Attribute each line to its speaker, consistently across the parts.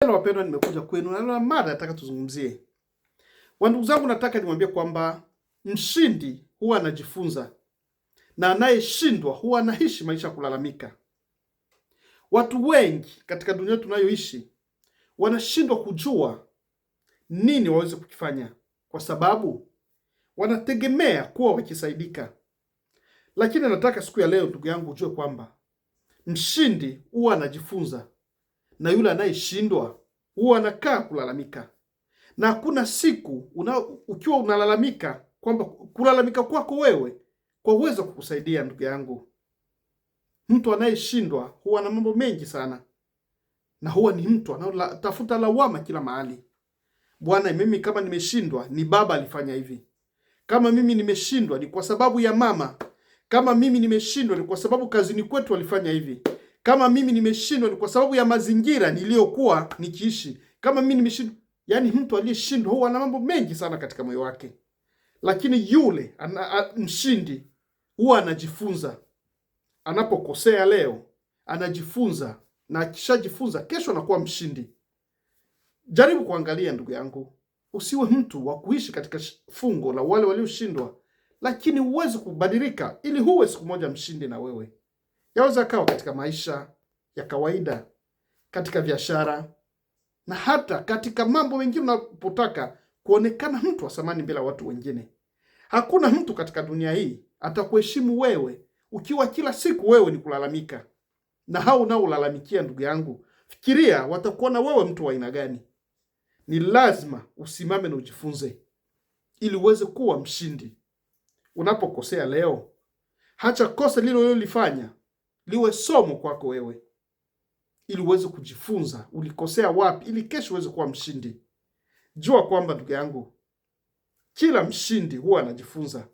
Speaker 1: Wapendwa, nimekuja kwenu na leo mada nataka tuzungumzie. Wandugu zangu, nataka niwaambie kwamba mshindi huwa anajifunza na anayeshindwa huwa anaishi maisha ya kulalamika. Watu wengi katika dunia tunayoishi wanashindwa kujua nini waweze kukifanya, kwa sababu wanategemea kuwa wakisaidika. Lakini nataka siku ya leo, ndugu yangu, ujue kwamba mshindi huwa anajifunza na yule anayeshindwa huwa anakaa kulalamika, na hakuna siku una, ukiwa unalalamika kwamba kulalamika kwako wewe kwa uwezo wa kukusaidia. Ndugu yangu, mtu anayeshindwa huwa na mambo mengi sana, na huwa ni mtu anayotafuta lawama kila mahali. Bwana, mimi kama nimeshindwa ni baba alifanya hivi, kama mimi nimeshindwa ni kwa sababu ya mama, kama mimi nimeshindwa ni kwa sababu kazini kwetu walifanya hivi kama mimi nimeshindwa ni kwa sababu ya mazingira niliyokuwa nikiishi. Kama mimi nimeshindwa, yani mtu aliyeshindwa huwa ana mambo mengi sana katika moyo wake, lakini yule ana, a, mshindi huwa anajifunza. Anapokosea leo anajifunza, na akishajifunza kesho anakuwa mshindi. Jaribu kuangalia, ndugu yangu, usiwe mtu wa kuishi katika fungo la wale walioshindwa, lakini uweze kubadilika ili huwe siku moja mshindi na wewe. Yaweza kawa katika maisha ya kawaida, katika biashara na hata katika mambo mengine unapotaka kuonekana mtu wa thamani bila watu wengine. Hakuna mtu katika dunia hii atakuheshimu wewe ukiwa kila siku wewe ni kulalamika, na hao unaolalamikia, ndugu yangu, fikiria watakuona wewe mtu wa aina gani. Ni lazima usimame na ujifunze ili uweze kuwa mshindi. Unapokosea leo, hacha kosa lilo lilolifanya liwe somo kwako wewe, ili uweze kujifunza ulikosea wapi, ili kesho uweze kuwa mshindi. Jua kwamba ndugu yangu, kila mshindi huwa anajifunza,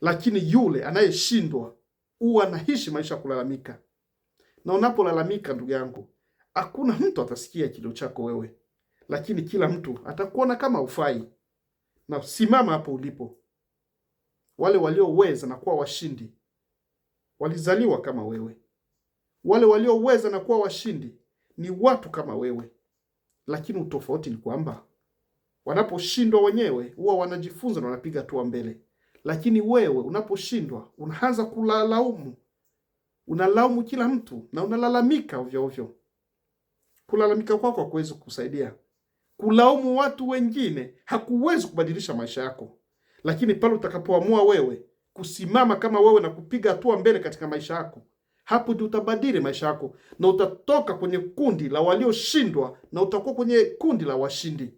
Speaker 1: lakini yule anayeshindwa huwa anaishi maisha ya kulalamika. Na unapolalamika ndugu yangu, hakuna mtu atasikia kilio chako wewe, lakini kila mtu atakuona kama ufai. Na simama hapo ulipo. Wale walioweza na kuwa washindi Walizaliwa kama wewe. Wale walioweza na kuwa washindi ni watu kama wewe, lakini utofauti ni kwamba wanaposhindwa wenyewe huwa wanajifunza na wanapiga hatua mbele, lakini wewe unaposhindwa unaanza kulalaumu, unalaumu kila mtu na unalalamika ovyo ovyo. Kulalamika kwako kwa hakuwezi kukusaidia. Kulaumu watu wengine hakuwezi kubadilisha maisha yako, lakini pale utakapoamua wewe kusimama kama wewe na kupiga hatua mbele katika maisha yako. Hapo ndio utabadili maisha yako na utatoka kwenye kundi la walioshindwa na utakuwa kwenye kundi la washindi,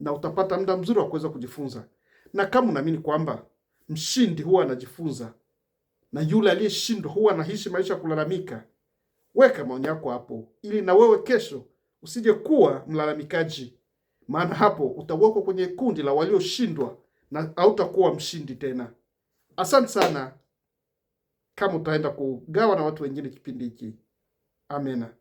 Speaker 1: na utapata muda mzuri wa kuweza kujifunza. Na kama unaamini kwamba mshindi huwa anajifunza na yule aliyeshindwa huwa anaishi maisha ya kulalamika, weka maoni yako hapo, ili na wewe kesho usije kuwa mlalamikaji, maana hapo utawekwa kwenye kundi la walioshindwa na hautakuwa mshindi tena. Asante sana kama utaenda kugawa na watu wengine kipindi hiki. Amena.